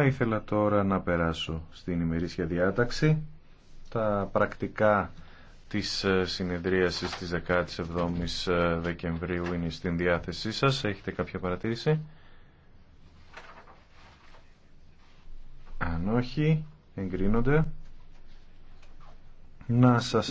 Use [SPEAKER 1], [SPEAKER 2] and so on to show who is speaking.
[SPEAKER 1] Θα ήθελα τώρα να περάσω στην ημερήσια διάταξη. Τα πρακτικά της ε, συνεδρίασης της 17ης ε, Δεκεμβρίου είναι στην διάθεσή σας. Έχετε κάποια παρατήρηση? Αν όχι, εγκρίνονται.
[SPEAKER 2] Να
[SPEAKER 3] σας